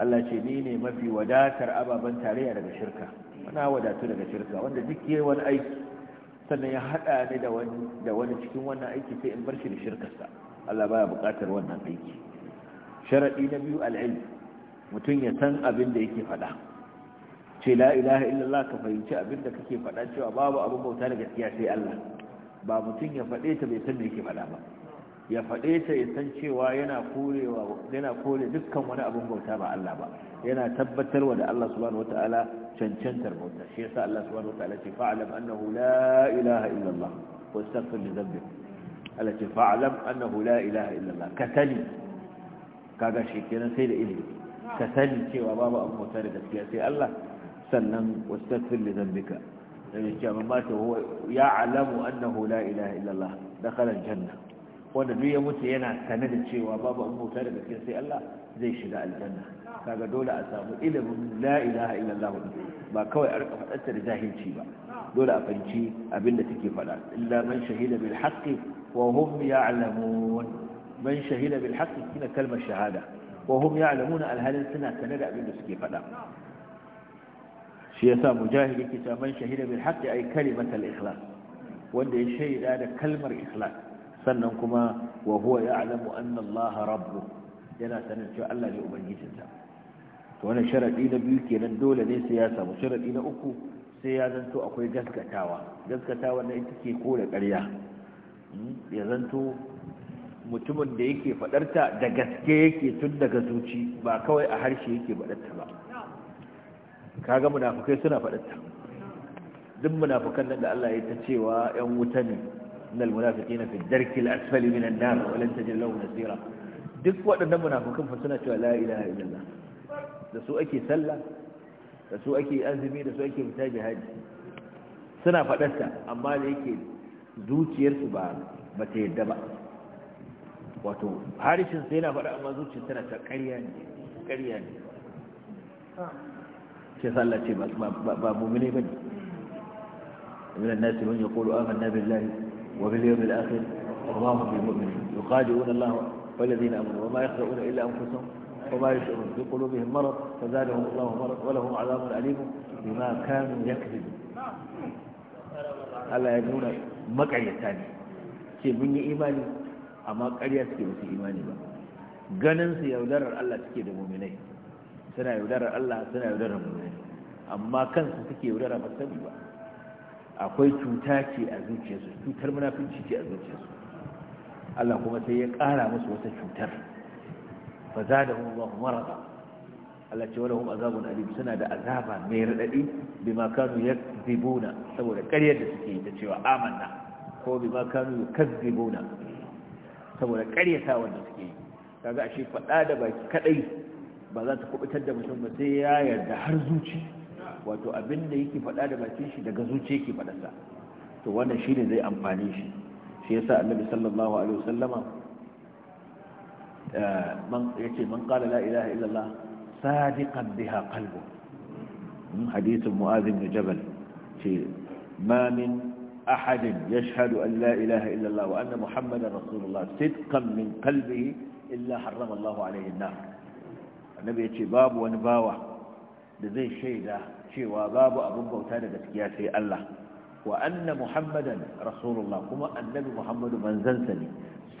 Allah ce ni ne mafi wadatar ababan tarayya daga shirka ana wadatu daga shirka wanda duk yayi wani aiki sannan ya hada ni da wani da wani cikin wannan aiki sai in bar shi da shirkarsa Allah baya buƙatar wannan aiki sharadi na biyu al-ilm mutum ya san abin da yake faɗa ce la ilaha illallah ka fahimci abin da kake faɗa cewa babu abin bauta da gaskiya sai Allah ba mutum ya faɗe ta bai san me yake faɗa ba ya faɗe ta ya san cewa yana korewa yana kore dukkan wani abin bauta ba Allah ba yana tabbatarwa da Allah subhanahu wataala cancantar bauta shi yasa Allah subhanahu wataala ce fa'lam annahu la ilaha illallah wastaghfir li dhanbik Allah ce fa'lam annahu la ilaha illallah ka sani kaga shi kenan sai da ilimi ka sani cewa babu abin bauta da gaskiya sai Allah sannan wastaghfir li dhanbika da ce amma mata huwa ya'lamu annahu la ilaha illallah Allah dakhala aljanna wanda duk ya mutu yana sane da cewa babu an mutu da gaske sai Allah zai shiga aljanna kaga dole a samu ilimin la ilaha illa Allah ba kawai a rika da jahilci ba dole a fanci abinda take fada illa man shahida bil haqqi wa hum ya'lamun man shahida bil haqqi kina kalmar shahada wa hum ya'lamun alhalin suna sane da abinda suke fada. shi yasa mujahid yake ta shahida bil haqqi ay kalimat al ikhlas wanda ya shaida da kalmar ikhlas sannan kuma wa huwa ya'lamu anna Allah rabbu yana sanin cewa Allah ne ubangijinsa to wannan sharadi na biyu kenan dole ne sai ya samu sharadi na uku sai ya zanto akwai gaskatawa gaskatawa na ita ke kore ƙarya hmm? ya zanto mutumin da yake faɗarta da gaske yake tun daga zuci ba kawai a harshe yake faɗarta ba kaga munafukai suna faɗinta duk munafukan nan da Allah ya ta cewa ‘yan wuta ne na almunafiki na fi darki al'asfali minan nar walin ta lahu nasira duk waɗannan munafukan fa suna cewa la ilaha illallah da su ake sallah da su ake azumi da su ake fita jihadi suna faɗarta amma da yake zuciyarsu ba ba ta yadda ba wato harishin sai yana faɗa amma zuciyar tana ta ƙarya ne ƙarya ne كيف التي باب من من الناس من يقول آمنا بالله وباليوم الآخر الله بالمؤمن يخادعون الله والذين أمنوا وما يخرؤون إلا أنفسهم وما يشعرون في قلوبهم مرض فزادهم الله مرض ولهم عذاب أليم بما كانوا يكذبون ألا يدعون مقعد ثاني شيء من إيماني أما قرية سكي بسي إيماني بقى غنن سيودر الله سكي دمومنين suna yaudarar Allah suna yaudarar munani amma kansu suke yaudara ba sani ba akwai cuta ce a zuciyarsu cutar munafinci ce a zuciyarsu Allah kuma sai ya ƙara musu wata cutar fa zadahum Allah marada Allah ce walahum azabun alim suna da azaba mai radadi ma kanu yakzibuna saboda ƙaryar da suke yi ta cewa amanna ko bi ma kanu yukazzibuna saboda ƙaryata wanda suke yi kaga shi faɗa da baki kadai ba za ta kubutar da mutum ba sai ya yarda har zuci wato abin da yake faɗa da bakin shi daga zuci yake faɗarsa to wannan shi ne zai amfani shi shi yasa annabi sallallahu alaihi wasallama eh, ya ce man qala la ilaha illallah sadiqan biha qalbu hmm, hadithu mu'adh ibn jabal ce ma min أحد يشهد أن لا إله إلا الله وأن محمدا رسول الله صدقا من قلبه إلا حرم الله عليه النار annabi ya ce babu wani bawa da zai shaida cewa babu abin bauta da gaskiya sai Allah wa anna muhammadan rasulullah kuma annabi muhammadu manzansa ne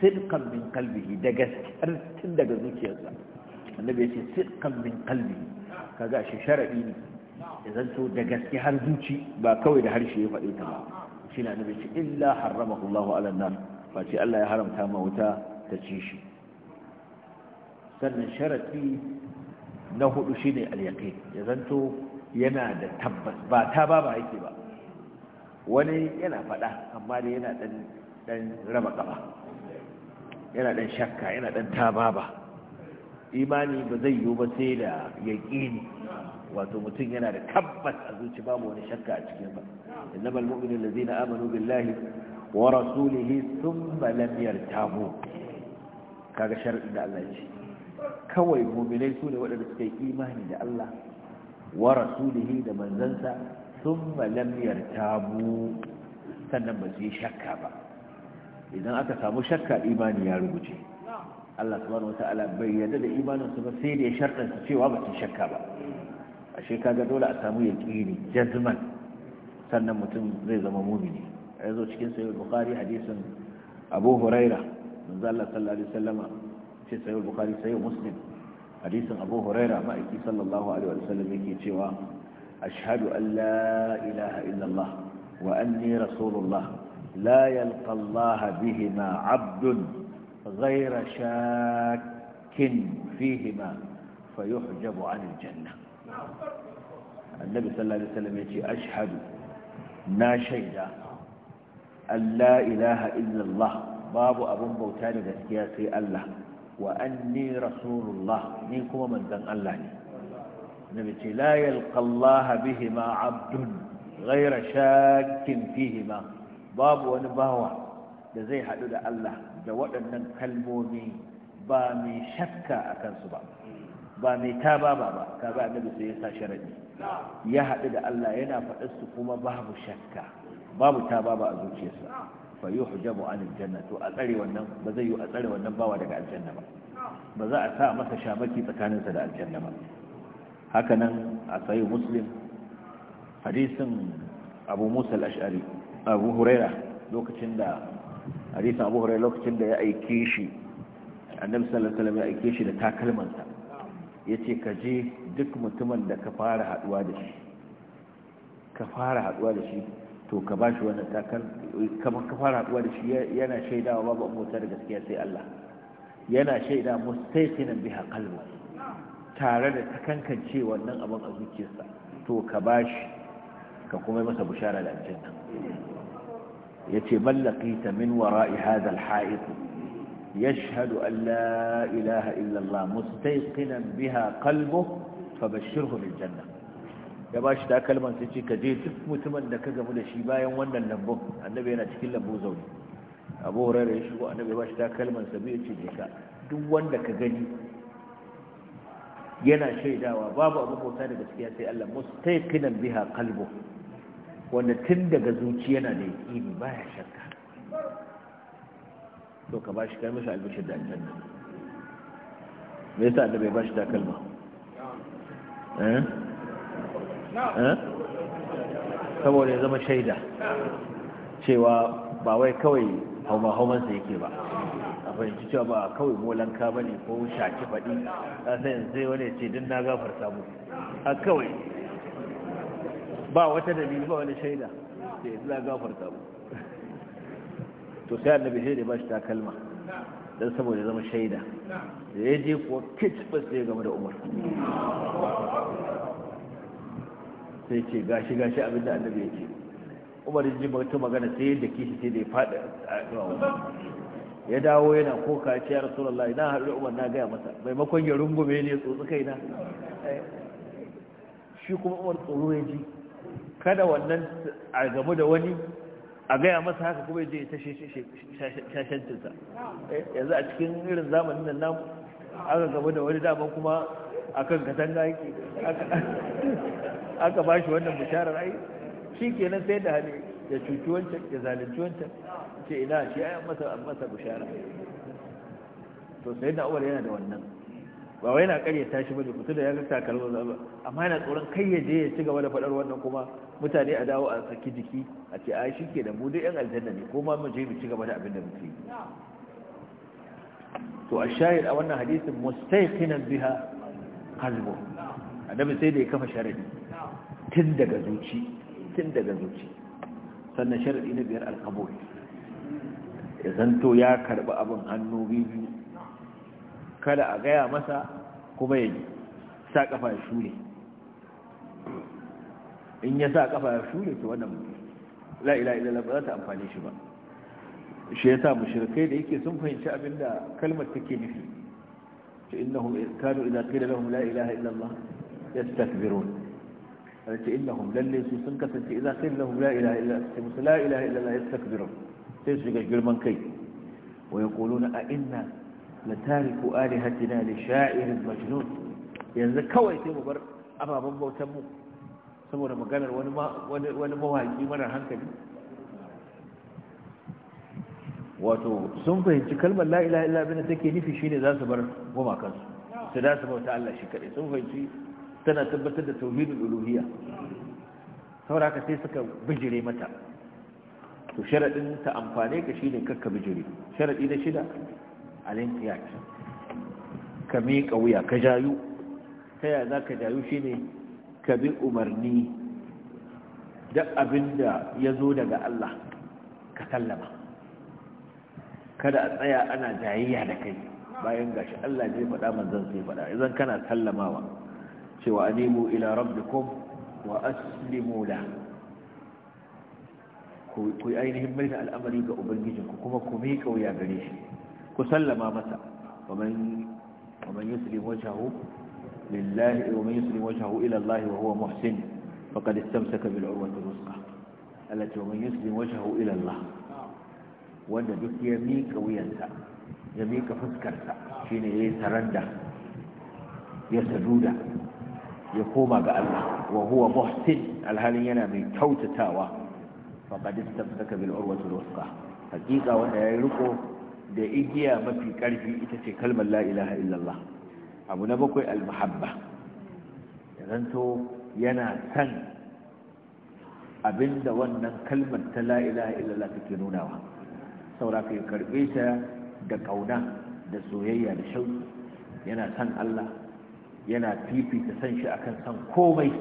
sidqan min qalbihi da gaskiyar tun daga zuciyarsa annabi ya ce sidqan min qalbihi kaga shi sharadi ne ya zanto da gaske har zuci ba kawai da harshe ya faɗe ta ba shi na annabi ce illa haramahu Allahu ala nar fa ce Allah ya haramta ma wuta ta ci shi sannan sharadi na hudu shine ne yaqin ya zanto yana da tabbas ba ta ba ba yake ba wani yana faɗa, amma da yana ɗan raba kaba yana ɗan shakka yana dan ba imani ba zai yiwu ba sai da yaqini wato mutum yana da tabbas a zuci babu wani shakka a cikin ba innamal mu'minun allazina amanu billahi wa rasulihi thumma lam yartabu kaga shar'in da Allah ya ce kawai mu'minai su ne waɗanda suka yi imani da Allah wa rasulihi da manzansa thumma lam yartabu sannan ba su yi shakka ba idan aka samu shakka imani ya rubuce Allah subhanahu bai yarda da imanin su ba sai da ya sharɗanta cewa ba su shakka ba ashe kaga dole a samu yaqini jazman sannan mutum zai zama mumini ya zo cikin sahih bukhari hadisin abu huraira manzo Allah sallallahu alaihi wasallama ce sayo bukari sayo muslim hadisin abu huraira ma'aiki sallallahu alaihi wasallam yake cewa ashhadu an la ilaha illallah wa anni rasulullah la yalqa Allah bihi ma abdun ghayra shakkin ma fayuhjabu 'an al-janna annabi sallallahu alaihi wasallam yace ashhadu na shaida an la ilaha illallah babu abun bauta da gaskiya sai Allah wa anni rasulullah ni kuma manzon Allah ne nabi ce la yalqallaha bihima abdun ghayra shakkin fihima babu wani bawa da zai hadu da Allah da waɗannan kalmomi ba mai shakka akansu ba ba mai taba ba ba kaga annabi sai ya sa sharadi ya hadu da Allah yana faɗar su kuma babu shakka babu taba ba a zuciyarsa fa yuhjabu an aljanna to a tsare wannan ba zai yi a tsare wannan bawa daga aljanna ba ba za a sa masa shamaki tsakaninsa da aljanna ba haka nan a sayi muslim hadisin abu musa al-ash'ari abu huraira lokacin da hadisin abu huraira lokacin da ya aike shi annabi sallallahu alaihi wasallam ya aike shi da takalmansa yace ka je duk mutumin da ka fara haduwa da shi ka fara haduwa da shi to ka bashi wannan takal kamar ka fara haɗuwa da shi yana wa babu abota da gaskiya sai Allah yana shaida mustaiqinan biha qalbu tare da takankance wannan abin a zuciyarsa to ka bashi ka kuma masa bushara da aljanna yace mallaqita min wara'i hadha al-ha'it yashhadu an la ilaha illa Allah mustayqinan biha qalbu fabashshirhu bil janna ya ba shi takalman sai ce ka je duk mutumin da ka gamu da shi bayan wannan lambun annabi yana cikin lambu zaune abu hurairu ya shigo annabi ya ba shi takalman sa biyu ce je ka duk wanda ka gani yana shaidawa babu abu bauta ciki ya sai Allah mustaqinan biha qalbu wanda tun daga zuci yana da yaqini baya shakka to ka bashi kai masa albishir da aljanna me yasa annabi ya bashi takalma eh Eh? saboda ya zama shaida cewa ba wai kawai hauma-haumansa yake ba a fahimci cewa ba kawai molan ba ne ko shaki faɗi a sayan sai wani ce din na gafar samu a kawai ba wata dalili ba wani shaida sai na gafar samu to sai annabi shaida ba shi ta kalma don saboda zama shaida da ya je kuwa kit ba sai game da umar sai ce gashi gashi abin da annabi ya ce umar ji mutu magana sai yadda kishi sai da ya faɗi ya dawo yana koka ya ce ya rasulullahi na haɗu umar na gaya masa maimakon ya rungume ne tsotsi na shi kuma umar tsoro ya ji kada wannan a gamu da wani a gaya masa haka kuma ya je ta shashancinsa eh, yanzu a cikin irin zamanin nan namu aka gaba da wani daman kuma kan katanga yake aka ba shi wannan bisharar ai shi kenan sai da hali ya cuci wancan ya zalunci wancan ce ina shi ya masa masa bishara to sai da awar yana da wannan ba wai yana karyata shi bane mutum da ya ga takalma zaba amma yana tsoron kai ya je ya ci gaba da faɗar wannan kuma mutane a dawo a saki jiki a ce ai shi ke da mu dai yan aljanna ne ko ma mu je mu ci gaba da abin da muke to a shahid a wannan hadisin mustaqinan biha qalbu annabi sai da ya kafa sharadi tun daga zuci tun daga zuci sannan sharadi na biyar alkabul ya zanto ya karbi abin hannu biyu kada a gaya masa kuma ya sa kafa ya shure in ya sa kafa ya shure to wannan la ila ila ba za ta amfane shi ba shi yasa mushrikai da yake sun fahimci abinda kalmar take nufi to innahum kanu idza qila lahum la ilaha illa allah yastakbirun ce innahum lalle su sun kasance idan sai lahum la ilaha illa sai musu la ilaha illa la yastakbirun sai su shiga girman kai wa yaquluna a inna la tariku alihatina li sha'irin majnun yanzu kawai sai mu bar ababen bautan mu saboda maganar wani wani wani mawaki mara hankali wato sun fahimci kalmar la ilaha illa bin take nufi shine za su bar gumakansu su da su bauta Allah shi kadai sun fahimci tana tabbatar da tauhidul uluhiyya saboda ka sai suka bijire mata to sharadin ta amfane ka shine kakka bijire sharadi na shida alinqiyat ka miƙa wuya ka jayu ta yaya zaka jayu shine ka bi umarni duk abinda ya zo daga Allah ka sallama kada a tsaya ana jayayya da kai bayan gashi Allah zai faɗa manzon sai faɗa idan kana sallamawa ce wa anibu ila rabbikum wa aslimu la ku ainihin mai da al'amari ga ubangijinku kuma ku miƙa wuya gare shi ku sallama masa ومن يسلم وجهه لله ومن يسلم وجهه إلى الله وهو محسن فقد استمسك بالعروة الوثقى التي ومن يسلم وجهه ila allah. wanda duk ya miƙa wuyansa ya miƙa fuskarsa shine ya yi saranda ya saduda ya koma ga Allah wa huwa muhsin alhalin yana mai kyautatawa faqad istamsaka bil urwati alwusqa hakika wanda yayi riko da igiya mafi karfi ita ce kalmar la ilaha illallah abu na bakwai almuhabba yanzu yana san abinda wannan kalmar ta la ilaha illallah take nunawa saura kai karbe ta da kauna da soyayya da shauki yana san Allah yana fifita san shi akan san komai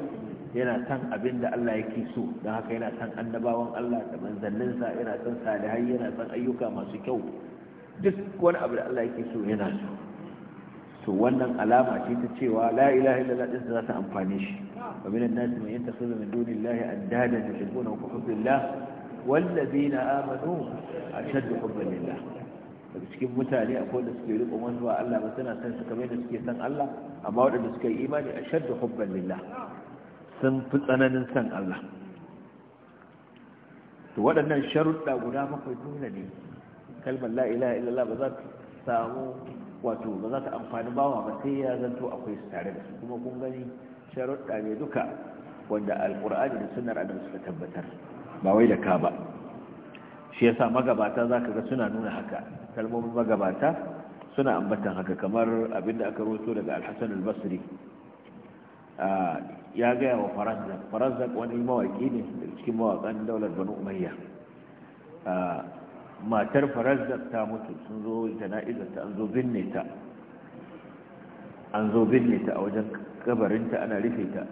yana san abin da Allah yake so don haka yana san annabawan Allah da manzanninsa yana san salihai yana san ayyuka masu kyau duk wani abu da Allah yake so yana so to wannan alama ce ta cewa la ilaha illallah din za ta amfane shi wa minan nas man yattakhidhu min dunillahi andadan yuhibbuna ka hubbillah wallazina amanu ashaddu hubban lillah daga cikin mutane akwai da suke riƙon wani ba Allah ba suna san su kamar yadda suke san Allah amma waɗanda suka yi imani a shaddu hubban lillah sun fi tsananin san Allah to waɗannan sharuɗa guda bakwai dole ne kalmar la ilaha illallah ba za ta samu wato ba za ta amfani bawa ba sai ya zanto akwai su tare da su kuma kun gani sharuɗa ne duka wanda alƙur'ani da sunnar adam suka tabbatar ba wai da ka ba shi yasa magabata za ka ga suna nuna haka kalmomin magabata suna ambatan haka kamar abinda aka roto daga alhassan albasri ya gaya wa farazak farazak wani mawaki ne daga cikin mawakan daular banu umayya matar farazak ta mutu sun zo jana'izarta an zo binne ta an zo binne ta a wajen kabarinta ana rufe ta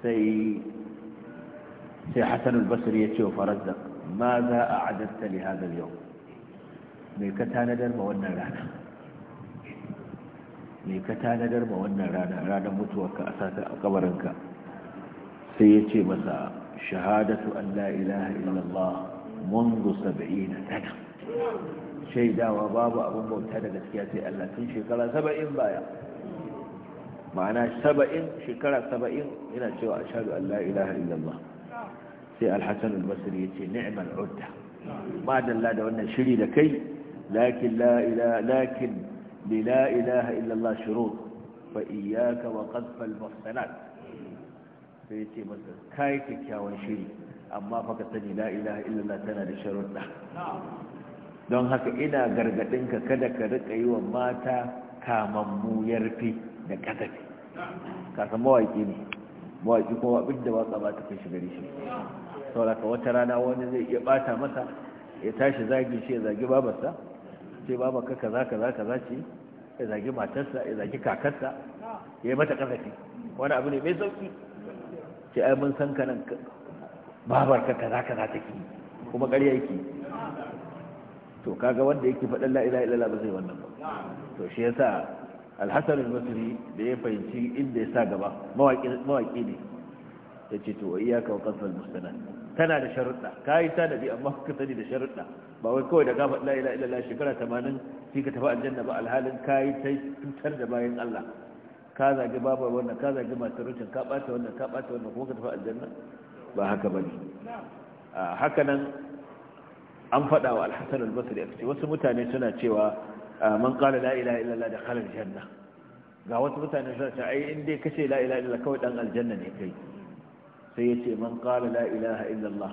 sai sai hassan albasri ya ce wa farazak ma za a adatta li yau me ka tanadar ma wannan rana me ka tanadar ma wannan rana ranar mutuwarka a sata a kabarinka sai ya ce masa shahadatu an la ilaha illallah منذ سبعين سنة شيدا وبابا أبو مبتدى تسكياتي ألا تنشي كلا سبعين بايا معناه سبعين شكرا سبعين إلى شوى أشهد أن لا إله إلا الله sai alhassan albasir ya ce ni'mal udda ba dalla da wannan shiri da kai lakin la ilaha illallah shurut fa wa qadf al sai ya ce masa kai kyakkyawan shiri amma fa ka sani la ilaha illallah tana da sharuɗa don haka ina ka, kada ka rika yi wa mata kamammu muyarfi da kasafi kasan mawaƙi ne mawaƙi kuma abin da ba ta kai shi shi sauraka wata rana wani zai iya bata masa ya tashi zagi shi ya zagi babarsa ce ka kaza kaza kaza ce ya zagi matarsa ya zagi kakarsa ya yi mata kasafi wani abu ne mai sauki ce ai mun san kanan babarka kaza kaza take kuma ƙarya yake to kaga wanda yake faɗin la ilaha illallah ba zai wannan ba to shi yasa alhassan al-basri da ya fahimci inda ya sa gaba mawaƙi ne ya ce to iyaka wa kasar mustanad tana da sharuɗa ka yi tanadi amma kuka sani da sharuɗa ba wai kawai da gama la ila illa shekara tamanin sai ka tafi aljanna ba alhalin ka yi ta cutar da bayan Allah ka zagi babar wannan ka zagi matar wancan ka ɓata wannan ka ɓata wannan kuma ka tafi aljanna ba haka ba ne haka nan an faɗa wa alhassan albasari a ce wasu mutane suna cewa man ƙala la ila illa da kalar janna ga wasu mutane suna cewa ai in dai kace la ila illa kawai dan aljanna ne kai sai ya ce man qala illallah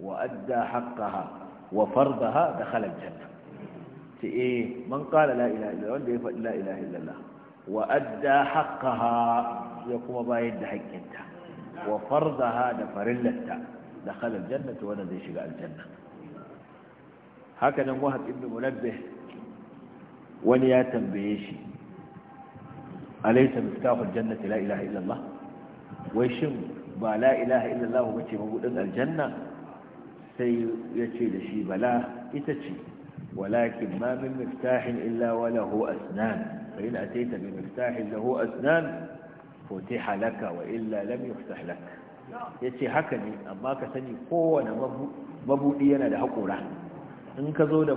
wa adda wa eh, man illallah wanda ya faɗi la wa adda ya kuma bayar da haƙƙinta wa fardaha da farillarta aljanna wanda zai shiga aljanna haka nan wahab wani ya tambaye shi alaysa miftahu aljannati la illallah wai shin ba la ilaha illallah ba ce mabudin aljanna sai ya ce da shi bala ita ce walakin ma min miftahin illa wa lahu asnan fa in ataita bi miftahin lahu asnan futiha laka wa illa lam yuftah laka yace haka ne amma ka sani kowane mabudi yana da hakura in ka zo da